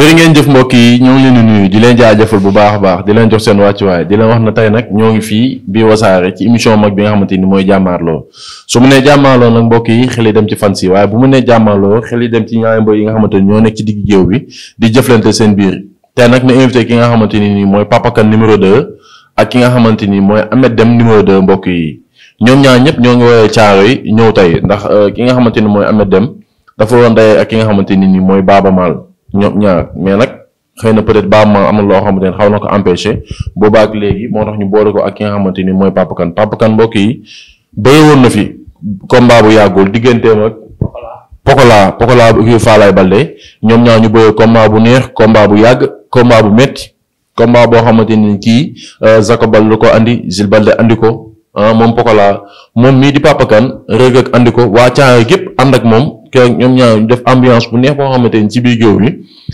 jërë ngeen jëf mbokk yi ñoo ngi leen di bu baax baax di leen seen wàccuwaay di leen wax na tey nag ñoo ngi fii bii wasaare ci émission bi nga xamante ni mooy jàmmaarloo su mu nee jàmmaarloo nag mbokk yi xel yi dem ci fan si waaye bu mu nee jàmmaarloo xel yi dem ci ñaari mbër yi nga xamante ni ñoo nekk ci digg géew bi di jëflante seen biir tey nag na invité ki nga xamante ni nii mooy Papa Kane de ak ki nga xamante ni mooy Ameth dem numéro de mbokk yi ñoom ñaar ñëpp ñoo ngi woowee caaro yi ñëw tey ndax euh, ki nga xamante ni mooy Ameth dem dafa woon day ak ki nga xamante ni nii mooy Baaba Maal ñoom ñaar mais nag xëy na peut-être baam ma amul loo xamante ne xaw na ko empêché boobaa ak léegi moo tax ñu boole ko ak ki nga xamante ni mooy Papa Kane bokk Kane mbokk yi bëri na fi combat bu yàggul digganteem ak. Pokola Pokola kii Faalaay Balde ñoom ñaar ñu bëri combat bu neex combat bu yàgg combat bu métti combat boo xamante ni kii euh, Zako Balde ko andi Zil Balde andi ko ah, moom Pokola moom mii di Papa Kane Reug ak andi ko waa Thiaroye gépp ànd ak moom. keroog ñoom ñaar ñu def ambiance bu neex boo xamante ni ci biir géew bi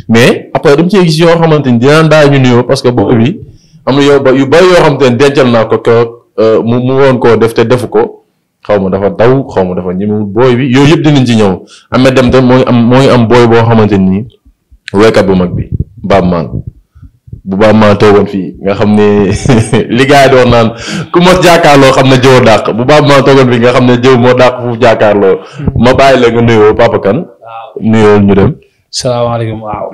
mais après dama cee gis yoo xamante ni dinaan daa ñu nuyoo parce que boobu bi am na yow ba yu bari yoo xamante ne dencal naa ko keroog euh, mu mu woon koo def te defu ko xaw ma dafa daw xaw ma dafa mu booy bi yooyu yëpp dinañ ci ñëw am na dem tam moo ngi am moo ngi am booy boo xamante nii waykat bu mag bi Baaba Maal bu baax maa toogoon fii nga xam ne li gars yi doon naan ku mos jàkkaarloo xam ne jëw dàq bu baax maa toogoon fii nga xam ne jëw moo dàq foofu jàkkaarloo hmm. ma bàyyi la nga nuyoo Papa Kane. waaw nuyoo ñu dem. salaamaaleykum waaw.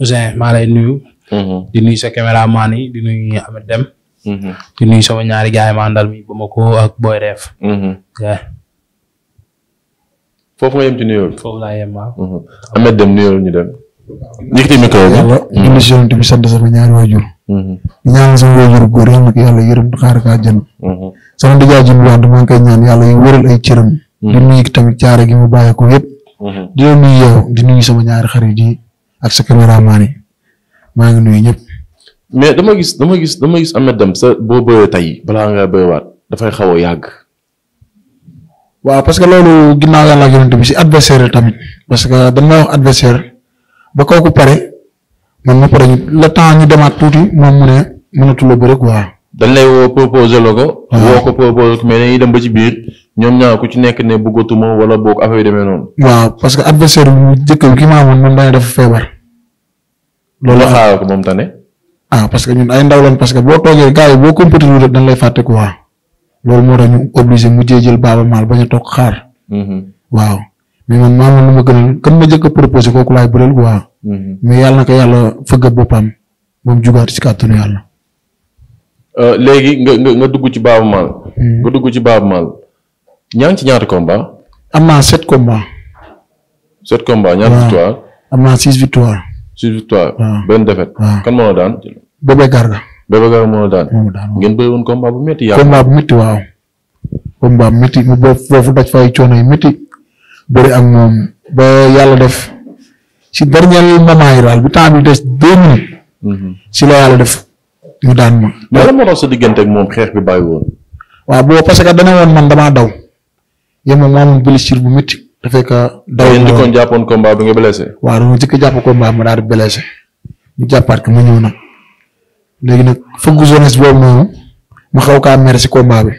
Ousseyn maa lay nuyu. Hmm. di nuyu sa caméraman yi di nuyu Ahmed Deme. Hmm. di nuyu sama ñaari gars yi ma àndal mi ba ma ko ak Boy Reef. foofu nga yem ci nuyoo foofu laa yem waaw. Ahmed Deme nuyoo ñu dem. yëkkati micro bi yàlla indi si yonent bi sant sama ñaari waajur di mm-hmm. ñaan sama waajur góor yal na ko yàlla yërëm xaar ka àjjana mm-hmm. sama dijaa ji Mbouane maa koy ñaan yàlla yu wëral ay cëram mm-hmm. di nuyu tamit caare gi mu bàyyi yëpp di nuyu yow di sa gis dama gis dama gis Ameth Deme boo bëyee tey balaa nga bëyewaat dafay xaw a yàgg waaw parce que loolu ginnaaw yàlla ak bi si adversaire tamit parce que dañ wax adversaire ba kooku pare man ma pare le temps ñu demaat tuuti moom mu ne mënatul a bëre quoi. dañ lay woo proposé la ko. woo ko proposé ko mais dañuy dem ba ci biir ñoom ñaar ku ci nekk ne bëggatuma wala boog affaire yu demee noonu. waaw parce que adversaire bu ki ma def feebar. loolu xaaral moom tane. ah parce que ñun ay ndaw lañ parce que boo toogee gars yi boo compétit rek dañ lay fàtte quoi loolu moo tax ñu obligé mujjee jël baaba maal bañ a toog xaar. Mhm. waaw. mais man lu ma gënal kan ma njëkk a proposé kooku laay bëreel quoi. Mhm. mais yàlla na ko yàlla fëgg boppam ba jugaat ci kàttanu yàlla. Euh, léegi nga nga nga dugg ci Baaba Maal. Mhm. nga dugg ci Baaba Maal. ñaa ci ñaata combat. am naa sept combat. sept combat ñaata bu métti. waaw. combat bu métti mu boobu foofu daj fay coono yu métti. bëri ak moom ba yàlla def si dernier moment yi daal bu temps bi des deux minutes. si mhm. la yàlla def ñu daan ma. mais lan moo sa diggante ak moom xeex bi bàyyi woon. waaw boo parce que dana woon man damaa daw yow moom moo amoon blessure bu métti. dafay que daw ngeen njëkkoon jàppoon combat bi nga blessé. a jàpp combat ma daal di blessé ñu jàppaat ko ma ñëw nag léegi nag fukki jeunesse boobu noonu ma xaw kaa mer si combat bi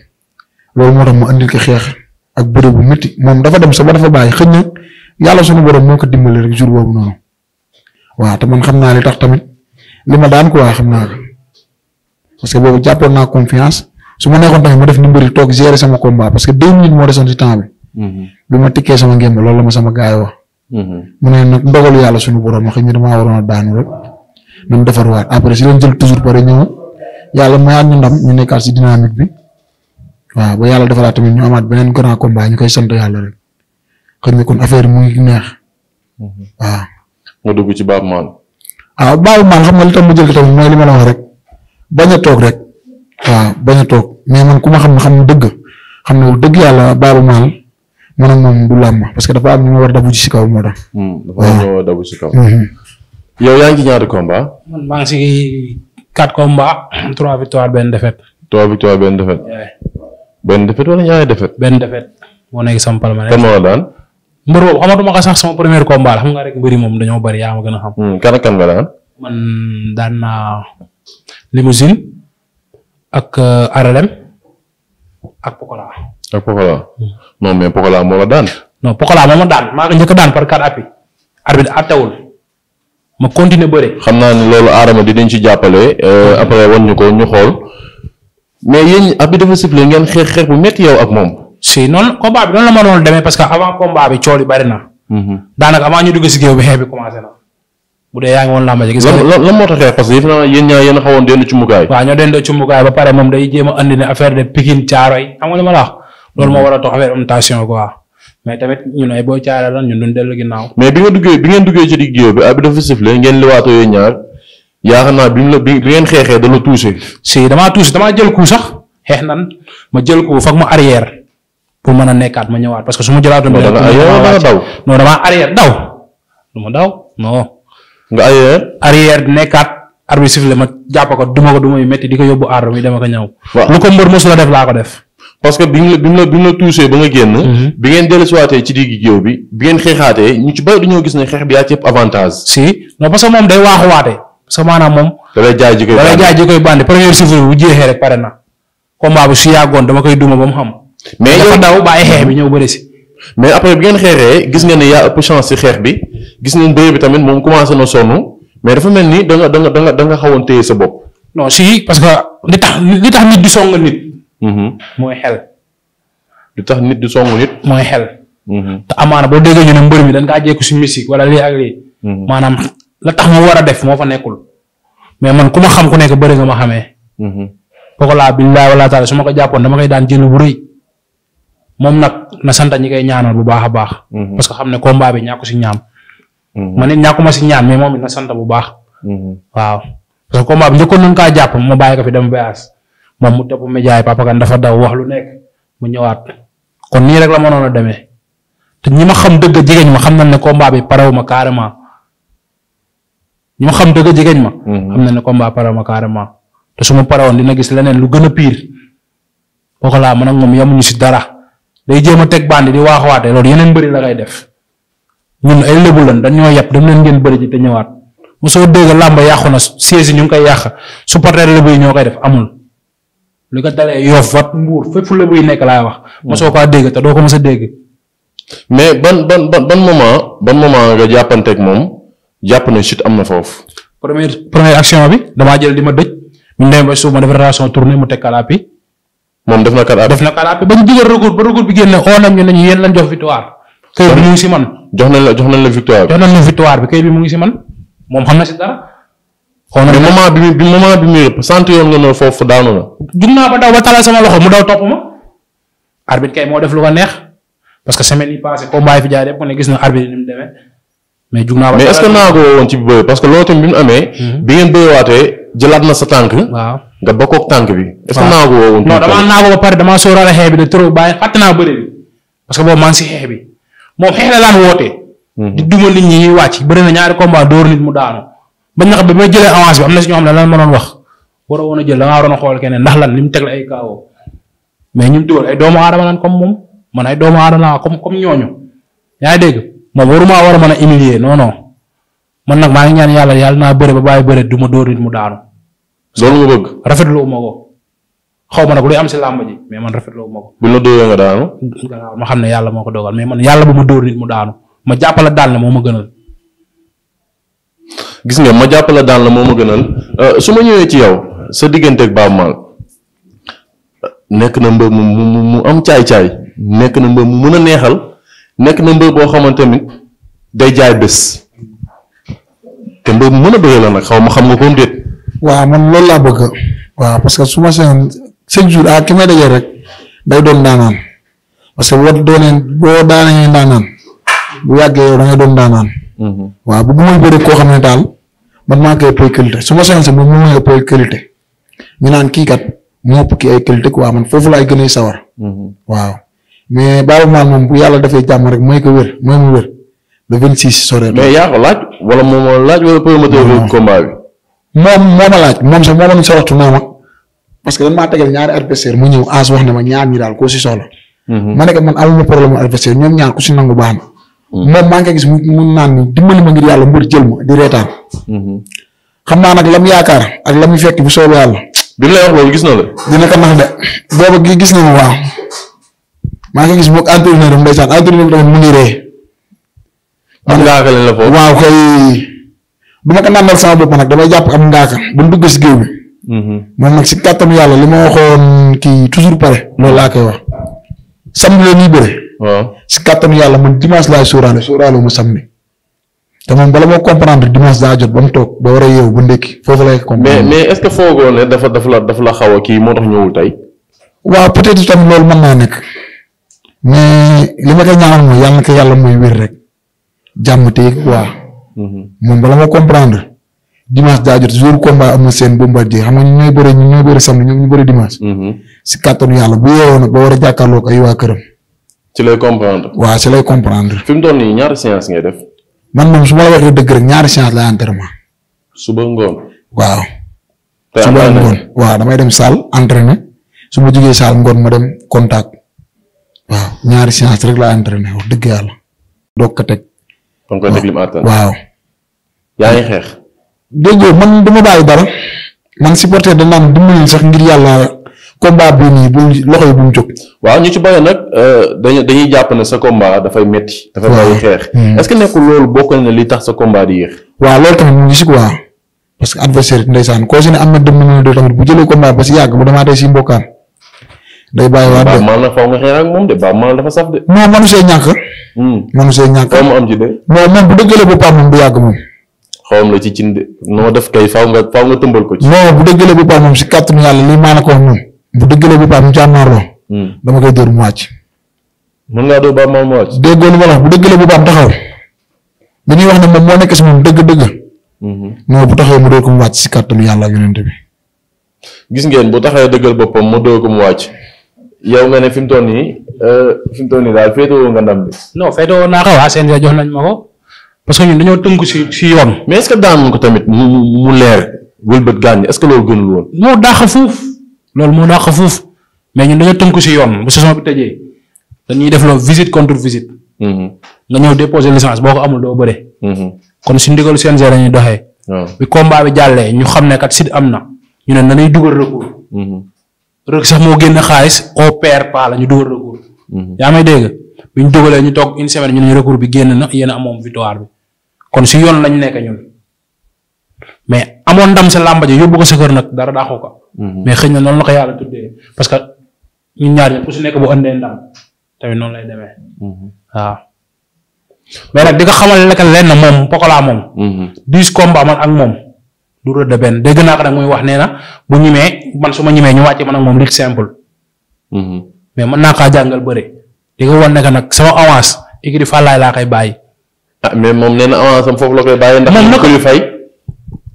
loolu moo tax ma andil ko xeex. ak bëre bu métti moom dafa dem sama ba dafa bàyyi xëy na yàlla suñu borom moo ko dimbali rek jour boobu noonu waaw te man xam naa li tax tamit li ma daan ko waa xam naa ko parce que boobu jàppoon naa confiance su ma nekkoon tamit ma def ni mbëri toog gérer sama combat parce que deux minutes moo desoon si temps bi. Mm-hmm. bi ma tikkee sama ngémb loolu la ma sama gaay wax. Mm-hmm. mu ne nag dogalu yàlla suñu sunu borom xëy na damaa waroon a daanu rek nañ defarwaat après si lañ jël toujours pare ñëw yàlla mayaat ñu ndam ñu si dynamique bi. waaw ba yàlla defaraat tamit ñu amaat beneen grand combat ñu koy sant yàlla rek xëy na kon affaire mu ngi neex mhm. waaw. nga dugg ci Baaba Maal. waaw ah, Baaba Maal xam nga li tam ma jël ko tamit mooy ma rek bañ a toog rek waaw bañ toog mais ku ma xam xam dëgg xam ne dëgg yàlla Baaba Maal man ak moom du làmm parce que dafa am ñu ma war a dabu ci si kaw moo tax. Hmm, dafa am ñu war a dabu mhm. yow yaa ngi ci ñaari combat. man maa ngi ci trois victoires benn défaite. benn defet wala ñaari defet. benn defet moo nekk sama palmarès. kan moo daan. mbër boobu nga rek mbëri moom dañoo bari yaa ma gën a xam. Hmm, kan ak kan nga daan. man daan naa limousine ak euh, hmm. moo daan. ma daan maa ko njëkk daan par quatre appuis. arbitre attewul ma continuer bëre. xam naa ne loolu aarama dinañ ci jàppale euh, hmm. après wan ñu ko ñu xool. mais yéen ab bi dafa sifflé ngeen xeex xeex bu métti yow ak moom. si noonu combat bi noonu la ma doon demee parce que avant combat bi coow li bari mhm. daanaka avant ñu dugg si géew bi xeex bi commencé na. bu dee yaa ngi a a andi ne affaire mhm. a ab bi dafa sifflé ngeen liwaatoo yéen ñaar yaakaar naa bi mu la bi ngeen xeexee da la touché. damaa touché damaa jël ko sax xeex nan ma jël ko ma arrière pour mën a nekkaat ma ñëwaat parce que su ma jëlaatoon. da nga daw non damaa arrière daw. du ma daw non. nga arrière. arrière nekkaat arbitre ma jàpp ko duma ko duma yu di ko yóbbu aar mi dama ko ñëw. lu ko mbër mosul a def laa ko parce que bi mu la bi mu la ba nga génn. Mhm. bi ngeen dellusiwaatee ci digg géew bi bi ngeen xeexaatee ñu ci bëri dañoo gis ne xeex bi yaa ci ëpp avantage. si non parce que moom day waaxuwaatee sa maanaam moom. da lay jaay jikoy bandi da bu jeexee pare na combat bi su yàggoon dama koy duma ba mu xam. mais dafa daw bàyyi xeex bi ñëw bëri si. mais après bi ngeen gis ngeen ne yaa ëpp si xeex bi gis ngeen bëre bi tamit moom commencé na sonn mais dafa mel ni da nga da nga da nga da xawoon téye sa bopp. no si parce que li tax li tax nit di song nit. Mm-hmm. mooy xel. li tax nit di song nit. mooy xel. Mm-hmm. te amaana ba déggee ñu ne mbër mi dañ kaa si musique wala lii ak lii. Mm-hmm. maanaam la tax mu war a def moo fa nekkul mais man ku ma xam ku nekk bëri nga ma xamee. Pokola mhm. billahi wala taala su ma ko jàppoon dama kay daan jël bu rëy moom nag na sant ñi koy ñaanal bu baax a baax. Mhm. parce xam ne combat bi ñàkku si ñaan. Mhm. man it ñàkkuma si ñaan mais moom sant bu baax. waaw parce que combat bi nañ kaa jàpp ma bàyyi ko fi dem voyage moom mu topp média yi Papa dafa daw wax lu nekk mu ñëwaat kon nii rek la mënoon a demee te ñi ma xam dëgg jigéen ñi ma xam na ne combat bi parewu ma carrément. ñi xam dëgg jegeñ ma. Mm-hmm. xam na ne combat pare ma carrément te su ma pare woon dina gis leneen lu gën a pire kooku laa man ak moom yamuñu si dara day jéem a teg bandi di waaxawaatee loolu yeneen bëri la kay def ñun ay lébu lan dañoo yàpp dem leen ngeen bëri ñëwaat mu soo dégg làmba yàqu na siège ñu ngi koy yàq supporter lébu yi ñoo koy def amul. lu ko dalee Yoff wat Mbuur fépp fu lébu yi nekk laay wax. ma soo kaa dégg te doo ko mës a dégg. mais ban ban ban ban moment ban moment nga jàppanteeg moom. jàpp na chute am na foofu. première première action bi damaa jël di ma dëj mu demee ba suuf ma def rotation tournée mu teg kalaapi. moom def na kalaapi def na kalaapi ba ñu jël recours bi génne oonam ñu ne ñu yéen lañ jox man. jox nañ la jox nañ la victoire bi jox nañ la victoire bi bi mu ngi si man moom xam na si dara. xool na bi bi moment bi muy yëpp sant yoon nga ne foofu daanu na. jug naa ba daw ba talal sama loxo mu daw topp ma. arbitre kay moo def lu ko neex parce que semaine yi passée combat yi fi jaay yëpp ne gis na arbitre mais jug naa mais est-ce que naa ko woon ci bëy parce que loolu bi mu amee. Hmm. bi ngeen bëyewaatee jëlaat na sa tànk. waaw nga bokkoog tànk bi. est naa ko woon. non damaa naa ko ba pare damaa sóoraale xeex bi de naa bëri bi parce que boobu maa ngi si xeex bi moom xeex la daan hmm. bëri na ñaari combat dóor nit mu daanu. bañ na xam bi may jëlee avance bi am na si ñoo xam ne lan ma doon wax waroo woon a jël da ngaa waroon a xool keneen ndax lan li mu teg la ay kaawoo mais ñu dugal ay doomu aadama lan comme moom man ay doomu aadama comme comme ñooñu yaa dégg moom waruma war a man a humilier non man nag maa ngi ñaan yàlla yàlla naa bëre ba bàyyi bëre du ma dóor nit mu daanu. loolu nga bëgg. rafetlu ma ko xaw ma nag luy am si làmb ji mais man rafetlu ma ko. buñ la dóoree nga daanu. ma xam ne yàlla moo ko dogal mais man yàlla bu ma dóor nit mu daanu ma jàppale daal ne moo ma gënal. gis nga ma jàppale daan la moo ma gënal euh, su ma ñëwee ci yow sa diggante ak Baaba Maal nekk na mbër mu mu am caay-caay nekk na mbër mën a neexal nekk na mbër boo xamante ni day jaay bés te mbër mu a bëri la nag xaw ma xam nga ko mu waa waaw man loolu laa bëgg waaw parce que su ma seen chaque jour ah ki may dajee rek day doon daanaan parce que boo doonee boo daanee ngay doon daanaan. Mm-hmm. waaw bu may bëri koo xam ne daal man maa su ma seen sax mu ñu naan kii kat mu ëpp kii ay qualité quoi man foofu laay gën a sawar mm-hmm. waaw. mais Baaba yàlla defee jàmm rek mooy ko wér mooy mu wér le ma laaj moom sax ma sa waxtu naa ma parce que dañ maa tegal mu ñëw wax ne ma ñaar ñi daal mhm. ko man amuma problème mu adversaire ñoom ñaar ku si nangu baax mhm. moom maa ngi gis mu mun naan ni dimbali ma ngir yàlla mbër jël ma di reetaan. Mhm. xam naa nag lam yaakaar ak lam fekk bu soobee yàlla. bi lay wax loolu gis na la. dina ko nax de booba gis na ma waaw. maa nga gis boog entraîneur am ndeysaan entraîneur bi tamit mu ngi ree. am ngaaka la foofu waaw kay du ma ko nàndal sama bopp nag damay jàpp am ngaaka bu ñu dugg si géew bi. moom nag si kàttam yàlla li ma waxoon kii toujours pare loolu laa koy wax. samedi la ñuy bëre. waaw si kàttam yàlla mun dimanche laay sóoraale sóoraale wu ma samedi. te moom bala moo comprendre dimanche daa jot ba mu toog ba war a yeewu ba ndékki foofu lay comprendre. mais mais est ce que foogoo ne dafa la dafa xaw a kii moo tax ñëwul tey. waaw peut être tamit loolu mën naa nekk. mais li ma koy ñaanal mooy yàlla na ko yàlla mooy wér rek jàmm tey quoi. Mhm. moom ma comprendre dimanche daa jot jour combat am na seen bombardier xam nga ñu ñooy bëre ñu ñooy bëre samedi ñu ñu bëre dimanche. Mhm. si kàttanu yàlla bu yeewoo nag ba war a jàkkaarloo ak ay waa këram. ci lay comprendre. waaw ci lay comprendre. fi mu toll nii ñaari séance ngay man moom su ma la waxee dëgg rek ñaari séance la entraînement. suba ngoon. waaw. suba ngoon waaw damay dem salle entraîner su ma jugee salle ngoon ma dem contact. waaw ñaari séance rek laa entraîné wax dëgg yàlla. doog ko teg. kon ko teg waaw. yaa ngi xeex. dégg man du ma bàyyi dara man supporter da naan dimbali sax ngir yàlla combat bii nii bu loxo yi bu mu jóg. waaw ñu ci bàyyi nag euh, dañuy dañuy jàpp ne sa combat dafay métti. dafay bàyyi xeex. Hmm. est nekkul loolu bokk na li tax sa combat di yéex. waaw loolu tamit mu ngi si quoi parce que adversaire ndeysaan koo si ne am na dem nañu tamit bu jëlee combat ba si yàgg bu demaatee si day bàyyiwaat de maanaam nag faw nga xeex ak moom de ba maanaam dafa saf de. non manu ñàkk. Hmm. manu ñàkk xaw ma am ci moom bu moom yàgg moom. xawam la ci cin de noo def kay faw nga faw nga tëmbal ko ci. non bu dëggalee boppam moom si kàttanu yàlla lii maa ko wax moom. bu dëggalee boppam moom càmmaarloo. Hmm. dama koy mu wàcc. mën ngaa dóor ba maam mu wàcc. déggoo lu ma la wax bu ñuy wax ne moom moo nekk si moom dëgg-dëgg. Hmm. non bu mu dóor wàcc si kàttanu yàlla ak bi. gis ngeen bu taxawee dëggal boppam mu dóor ko mu wàcc yow nga ne fi mu toll nii euh, fi mu toll daal féetewoo nga ndam bi. non féetewoo naa ko waa CNG jox nañ ma ko parce que ñun dañoo tënku si si yoon. mais est ce que ko tamit mu mu leer wëlbët gaañ est ce que loolu gënul woon. moo dàq fuuf loolu moo dàq fuuf mais ñun dañoo tënk si yoon bu saison bi tëjee dañuy def loolu visite contre visite. Mm-hmm. nga ñëw déposer licence boo ko amul doo bëre. Mm-hmm. kon si ndigalu CNG dañuy doxee. bi combat bi jàllee ñu xam ne kat si am na ne nanay rek sax moo génn xaalis au pair la ñu dugal recours. Mhm. yaa may dégg bi ñu dugalee ñu toog une semaine ñu ne recours bi génn na yenn a amoon victoire bi kon si yoon lañ nekk ñun mais amoon ndam sa làmba ji yóbbu ko sa nag dara daaxu ko. Mhm. mais xëy na noonu la ko yàlla tuddee parce que ñun ñaar ñëpp ku si nekk bu ëndee ndam tamit noonu lay demee. Mhm. waaw mais nag di ko xamal ne lenn moom Pokola moom. dix combat man ak moom. du rëdd benn dégg naa ko nag muy wax nee na bu ñimee man su ma ñimee ñu wàcce man ak moom lit simple. Mm-hmm. mais mën naa kaa jàngal bëre di ko wan nag sama avance écrit fàllaay laa koy bàyyi. ah mais moom nee na avance am foofu la koy bàyyi. ndax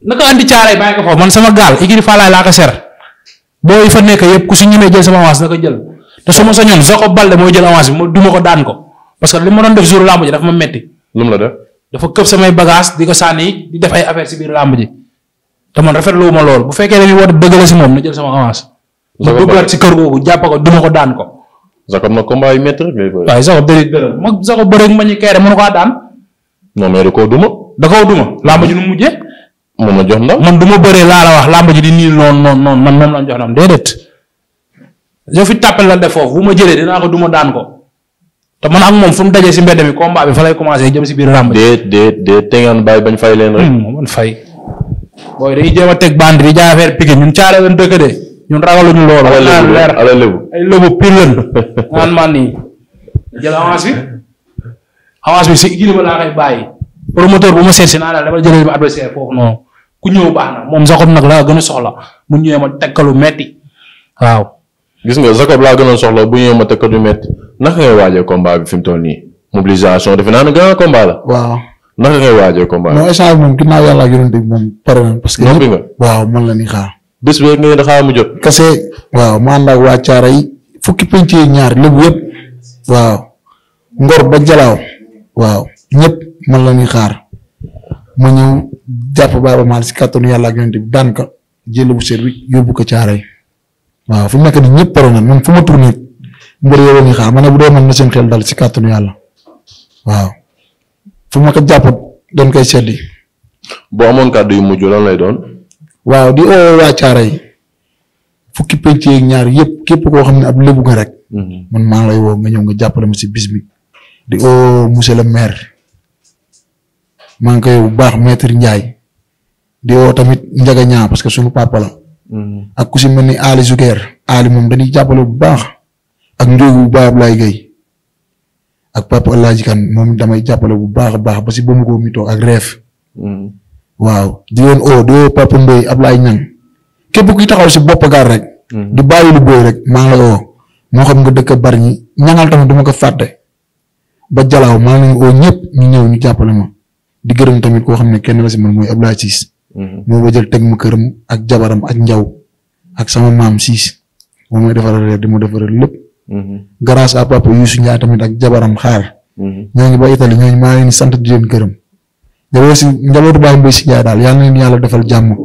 naka man sama gaal écrit fàllaay laa ko ser booy fa nekk yëpp ku si ñimee jël sama avance na ko jël te su ma sañoon soo ko balde mooy jël avance bi ma duma ko daan ko parce que li ma doon def jour làmb ji dafa ma metti. lu mu la def dafa këpp samay bagage di ko sànni di def ay affaire si biir làmb ji te man rafetlu ma lool bu fekkee dañuy woote dëggale si moom na jël sama avance. ma duggaat si kër googu jàpp ko duma ko daan ko. Jacob nag combat yu métti rek lay bëri. waaye Jacob ma Jacob bëri ma ñu kere mënu koo daan. non mais da koo duma. da koo duma làmb ji nu mu mujjee. moom la laa la wax làmb ji di niil noonu man moom la jox ndam déedéet. yow fi tàppale la def foofu ma jëlee dinaa ko duma daan ko te man ak moom fu mu dajee si mbedd mi combat bi fa lay commencé jëm si biir làmb ji. déet déet déet te ngeen bàyyi bañ fay leen rek. Hmm, fay. booy dañuy jéem a teg bande bi jaay affaire piqué ñun caare lañ dëkk de ñun ragaluñu loolu. ala lébu ala lébu ay lébu pire lañ naan man nii jël avance bi avance bi si kii ma laa koy bàyyi promoteur bu ma seet si naa daal dama jëlee ma adversaire foofu noonu ku ñëw baax na moom Jacob nag laa gën a soxla mu ñëwee ma tekkalu metti waaw. gis nga Jacob laa gën a soxla bu ñëwee ma tekkalu metti naka ngay waajee combat mu toll nii mobilisation defe naa ne la. waaw. naka ngay waajee combat bi. non échange moom ginnaaw yàlla ak yonent moom pare na. parce que noppi waaw man la ni xaar. bés bee nga daxaa mu jot. kase waaw ma ànd ak fukki penc yi ñaar lépp yëpp. waaw ngor man la ñuy xaar ma ñëw jàpp Baaba Maal yàlla ak yonent bi daan ko bu ko caara mu nekk nii ñëpp pare na man fu ma tourné mbir yow la ñuy xaar ma ne bu dee man na seen xel dal si kàttanu yàlla waaw. fu ma ko jàpput doon koy seddi. boo amoon kàddu yu mujj lan lay doon. waaw di oo waa caara yi fukki penc yeeg ñaar yëpp képp koo xam ne ab lébu nga rek. Mhm. man maa lay woo nga ñëw nga jàppale ma si bis bi. di oo monsieur le maire maa ngi koy bu baax maître Ndiaye di oo tamit Ndiaga ñaa parce que suñu mhm. ak ku si mel ni Ali Zuker Ali moom dañuy jàppale bu baax. ak njóogu bu baax Ablaye Gueye ak papa El Hadj moom damay jàppale bu baax a baax ba si bëmm ko mi toog ak reef. Mm. waaw di leen oo di woo Papa Mboy Ablaye Ñang képp kuy taxaw si bopp gaar rek. Mm. di bàyyi lu booy rek maa ngi lay oo moo xam nga dëkk bari ñi ñangal tamit duma ko fàtte ba jalaaw maa ngi oo ñëpp ñu ñëw ñu jàppale ma di gërëm tamit koo xam ne kenn la si man mooy Ablaye Ciss. Mm-hmm. moo ba jël teg ma këram ak jabaram ak njaw ak sama maam siis moom mooy defaral reer di ma defaral lépp. grâce à papa Youssou Ndiaye tamit ak jabaram xaar. ñooñu ba Italie ñooñu maa ngi leen di sant di leen gërëm. yow aussi njabootu Baye Mbaye si Ndiaye daal yal na leen yàlla defal jàmm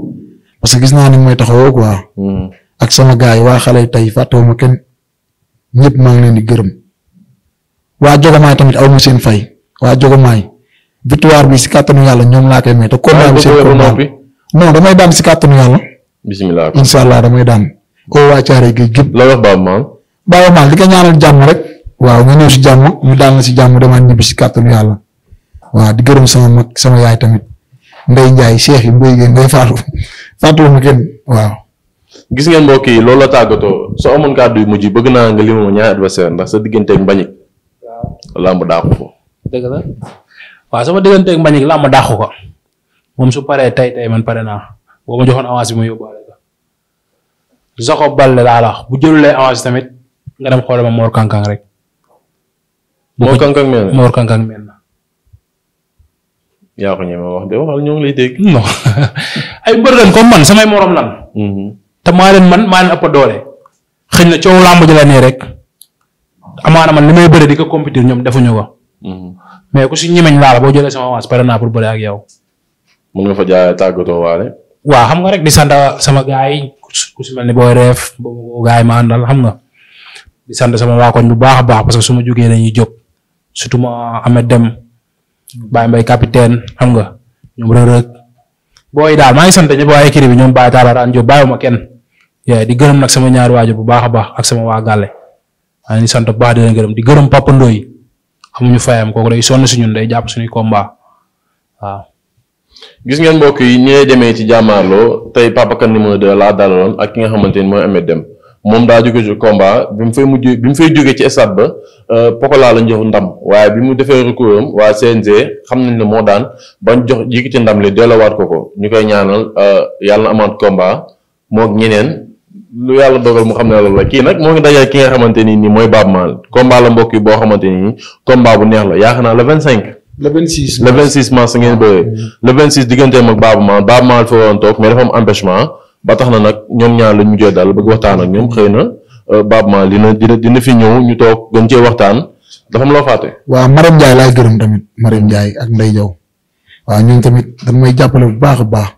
parce que gis naa ni mooy taxawoo quoi. ak sama gars yi waa xale tey fàttewuma kenn ñëpp maa ngi leen di gërëm. waa Jogomaay tamit aw mu seen fay waa Jogomaay victoire bi si kàttanu yàlla ñoom laa koy may te combat bi seen daan si kàttanu yàlla. bisimilah incha allah damay daan. koo waa Caare gi gépp Baaba Maal di ko ñaanal jàmm rek waaw nga ñëw si jàmm ñu daal na si jàmm damaa ñibbi si kàttanu yàlla waaw di gërëm sama mag sama yaay tamit Ndeye Ndiaye Cheikh yi Mboy Guèye Ndeye Fatou Fatou ma kenn waaw. gis ngeen mbokk yi loolu la tàggatoo soo amoon kàddu yu mujj bëgg naa nga limal ma ñaari adversaire ndax sa digganteeg Mbagnick. waaw làmb daaxu ko. dëgg la sama digganteeg Mbagnick làmb daaxu ko moom su paree tey tey man pare naa boo ma joxoon avance bi ma yóbbaale ko nga dem xoolal ma Mor Kankang rek. Mor Kankang mel na yaa ko ñeme wax ay mbër lañ comme man samay morom lan. Mm-hmm. te maa leen man maa leen ëpp doole. xëy na coow làmb ji la rek. amaana man li may bëre di ko compétir ñoom defuñu ko. Mm-hmm. mais ku si ñemeñ laal boo jëlee sama avance pare naa pour bëre ak yow. mun nga fa jaay tàggatoo waale. waaw xam nga rek di sant sama gaay ku si mel ni booy reef boobu gaay ma xam nga. di sant sama waa koñ bu baax a baax parce que su ma jógee dañuy jóg surtout ma amee dem Baye Mbaye capitaine xam nga ñoom rëg-rëg booy daal maa ngi sant ñëpp waaye kii bi ñoom Baye Talla daan jóg bàyyiwuma kenn di gërëm nag ñaari waajur bu baax a baax ak sama waa Gàlle maa ngi sant bu baax di leen gërëm di gërëm Papa Ndoye amuñu fayam kooku day sonn si ñun day jàpp suñuy combat waaw. gis ngeen mbokk yi ñi lay demee ci jàmmaarloo tey Papa Kane numéro 2 laa dalaloon ak ki nga xamante ni mooy Ameth Deme moom daa jóge ci combat bi mu fay mujj bi mu fay jóge ci stade ba euh, Pokola la jox ndam waaye bi mu defee recours am waa CNG xam nañ ne moo daan bañ jox ci ndam li delloowaat ko ko ñu koy ñaanal euh, yàlla na amaat combat moog ñeneen lu yàlla dogal mu xam ne la kii nag moo ngi dajee ki nga xamante nii nii mooy Baaba Maal combat la mbokk boo xamante nii combat bu neex la yaakaar naa le vingt cinq le 26 le 26 mars ngeen bëree le 26 digganteem ak Baaba Maal Baaba Maal fa ba tax na nag ñoom ñaar mu jee daal bëgg waxtaan ak ñoom xëy na euh, Baaba Maal dina dina dina fi ñëw ñu toog gën cee waxtaan dafa am loo fàtte. waaw Marème Ndiaye laay gërëm tamit Marème Ndiaye ak Ndeye Diaw waaw ñun tamit dañ may jàppale bu baax a baax.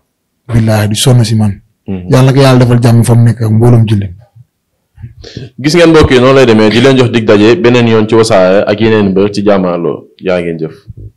billaahi di sonn si man. Mhm. yàlla ko yàlla defal jàmm fa mu nekk ak mbooloom jullit. gis ngeen mbokk yi noonu lay demee di leen jox dig daje beneen yoon ci wasaare ak yeneen ba ci jàmmaarloo yaa ngeen jëf.